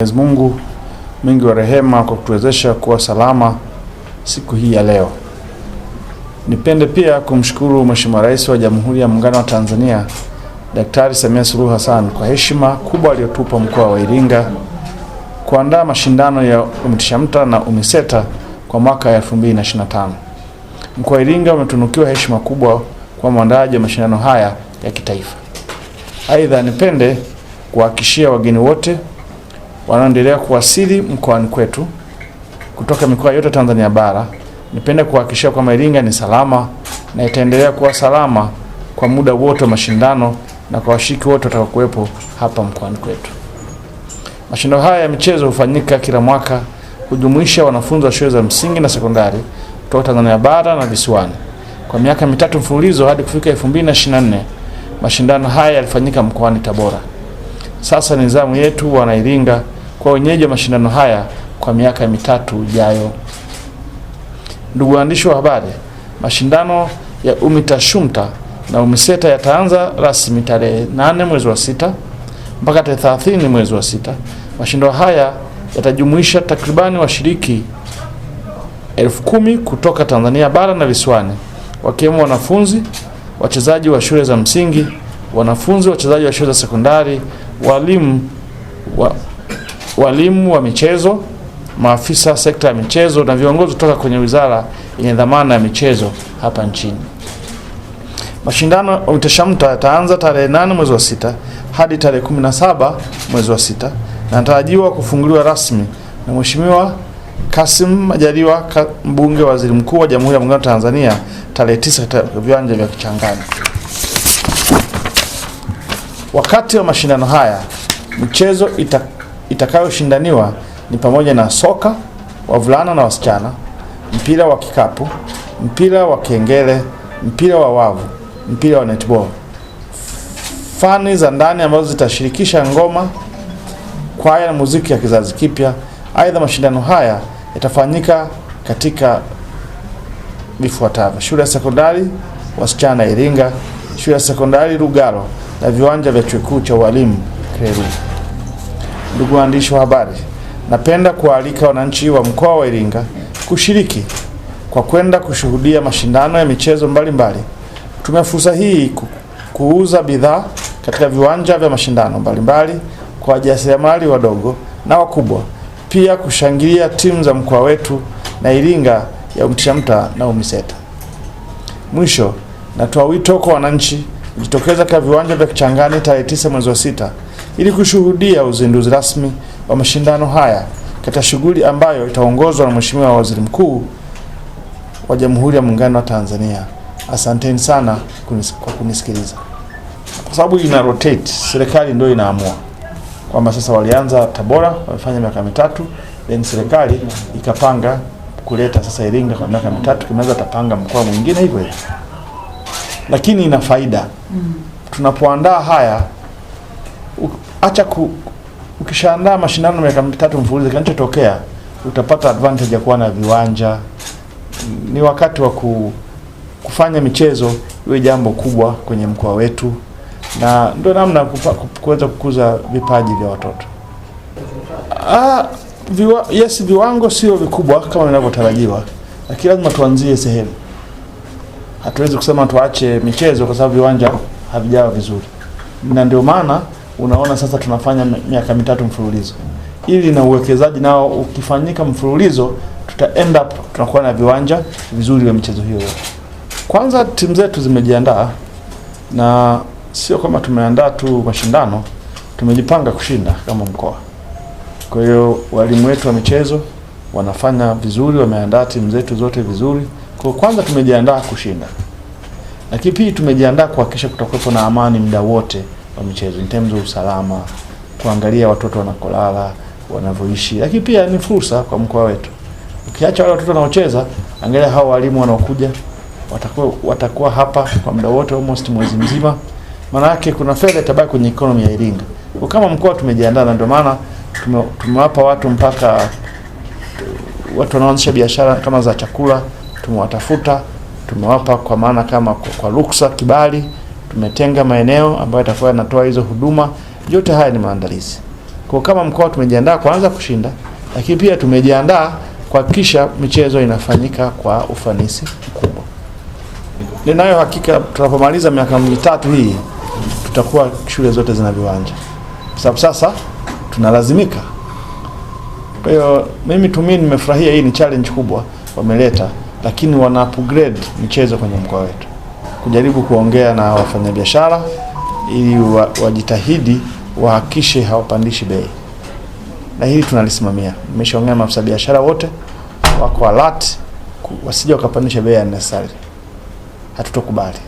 Mwenyezi Mungu mwingi wa rehema kwa kutuwezesha kuwa salama siku hii ya leo. Nipende pia kumshukuru Mheshimiwa Rais wa Jamhuri ya Muungano wa Tanzania Daktari Samia Suluhu Hassan kwa heshima kubwa aliyotupa mkoa wa Iringa kuandaa mashindano ya UMITASHAMTA na UMISETA kwa mwaka 2025. Mkoa wa Iringa umetunukiwa heshima kubwa kwa mwandaaji wa mashindano haya ya kitaifa. Aidha, nipende kuwahakikishia wageni wote wanaoendelea kuwasili mkoani kwetu kutoka mikoa yote Tanzania bara. Nipende kuhakikishia kwamba Iringa ni salama na itaendelea kuwa salama kwa muda wote wa mashindano na kwa washiriki wote watakaokuwepo hapa mkoani kwetu. Mashindano haya ya michezo hufanyika kila mwaka, hujumuisha wanafunzi wa shule za msingi na sekondari kutoka Tanzania bara na visiwani. Kwa miaka mitatu mfululizo hadi kufika 2024 mashindano haya yalifanyika mkoani Tabora. Sasa ni zamu yetu wana Iringa kwa wenyeji wa mashindano haya kwa miaka mitatu ijayo. Ndugu waandishi wa habari, mashindano ya UMITASHUMTA na UMISETA yataanza rasmi tarehe 8 mwezi wa sita mpaka tarehe 30 mwezi wa sita. Mashindano haya yatajumuisha takribani washiriki elfu kumi kutoka Tanzania bara na visiwani, wakiwemo wanafunzi wachezaji wa shule za msingi, wanafunzi wachezaji wa shule za sekondari, walimu wa walimu wa michezo, maafisa sekta ya michezo na viongozi kutoka kwenye wizara yenye dhamana ya michezo hapa nchini. Mashindano mtashamta yataanza tarehe 8 mwezi wa sita hadi tarehe 17 mwezi wa sita na natarajiwa kufunguliwa rasmi na Mheshimiwa Kasim Majaliwa, mbunge wa waziri mkuu wa Jamhuri ya Muungano wa Tanzania, tarehe tisa katika viwanja vya Kichangani. Wakati wa mashindano haya michezo itakuwa itakayoshindaniwa ni pamoja na soka wavulana na wasichana, mpira wa kikapu, mpira wa kengele, mpira wa wavu, mpira wa netball. Fani za ndani ambazo zitashirikisha ngoma, kwaya na muziki ya kizazi kipya. Aidha, mashindano haya yatafanyika katika vifuatavyo: shule ya sekondari wasichana Iringa, shule ya sekondari Lugalo na viwanja vya chuo kikuu cha ualimu Kweruru. Ndugu waandishi wa habari, napenda kuwaalika wananchi wa mkoa wa Iringa kushiriki kwa kwenda kushuhudia mashindano ya michezo mbalimbali. Tumia fursa hii kuuza bidhaa katika viwanja vya mashindano mbalimbali kwa wajasiriamali wadogo na wakubwa, pia kushangilia timu za mkoa wetu na Iringa ya umtiamta na UMISETA. Mwisho, natoa wito kwa wananchi kujitokeza katika viwanja vya Kichangani tarehe 9 mwezi wa sita ili kushuhudia uzinduzi rasmi wa mashindano haya katika shughuli ambayo itaongozwa na Mheshimiwa Waziri Mkuu wa Jamhuri ya Muungano wa Tanzania. Asanteni sana kunis, kwa kunisikiliza. Kwa sababu ina rotate, serikali ndio inaamua kwamba sasa walianza Tabora, wamefanya miaka mitatu, then serikali ikapanga kuleta sasa Iringa kwa miaka mitatu, kimeanza tapanga mkoa mwingine hivyo hivyo, lakini ina faida mm. tunapoandaa haya acha ku, ukishaandaa mashindano miaka mitatu mfululizo, kinachotokea utapata advantage ya kuwa na viwanja. Ni wakati wa ku, kufanya michezo iwe jambo kubwa kwenye mkoa wetu, na ndio namna kuweza kukuza vipaji vya watoto. Ah, viwa, yes, viwango sio vikubwa kama vinavyotarajiwa, lakini lazima tuanzie sehemu. Hatuwezi kusema tuache michezo kwa sababu viwanja havijawa vizuri, na ndio maana unaona sasa tunafanya miaka mitatu mfululizo, ili na uwekezaji nao ukifanyika mfululizo, tuta end up tunakuwa na viwanja vizuri vya michezo hiyo yote. Kwanza timu zetu zimejiandaa, na sio kama tumeandaa tu mashindano, tumejipanga kushinda kama mkoa. Kwa hiyo walimu wetu wa michezo wanafanya vizuri, wameandaa timu zetu zote vizuri. Kwa kwanza tumejiandaa kushinda, lakini pia tumejiandaa kuhakikisha kutakuwepo na amani muda wote wa michezo in terms of usalama, kuangalia watoto wanakolala, wanavyoishi, lakini pia ni fursa kwa mkoa wetu. Ukiacha wale watoto wanaocheza, angalia hao walimu wanaokuja watakuwa watakuwa hapa kwa muda wote almost mwezi mzima. Maana yake kuna fedha itabaki kwenye economy ya Iringa. Kwa kama mkoa tumejiandaa, na ndio maana tumewapa watu mpaka watu wanaoanzisha biashara kama za chakula tumewatafuta, tumewapa kwa maana kama kwa, kwa ruksa kibali tumetenga maeneo ambayo yatakuwa yanatoa hizo huduma. Yote haya ni maandalizi. Kwa kama mkoa tumejiandaa kwanza kushinda, lakini pia tumejiandaa kuhakikisha michezo inafanyika kwa ufanisi mkubwa. Ninayo hakika tunapomaliza miaka mitatu hii tutakuwa shule zote zina viwanja, sababu sasa tunalazimika. Kwa hiyo mimi tumi nimefurahia, hii ni challenge kubwa wameleta, lakini wana upgrade michezo kwenye mkoa wetu kujaribu kuongea na wafanyabiashara ili wajitahidi wa wahakishe hawapandishi bei, na hili tunalisimamia. Nimeshaongea na maafisa biashara wote wako alert, wasije wakapandisha bei unnecessarily, hatutokubali.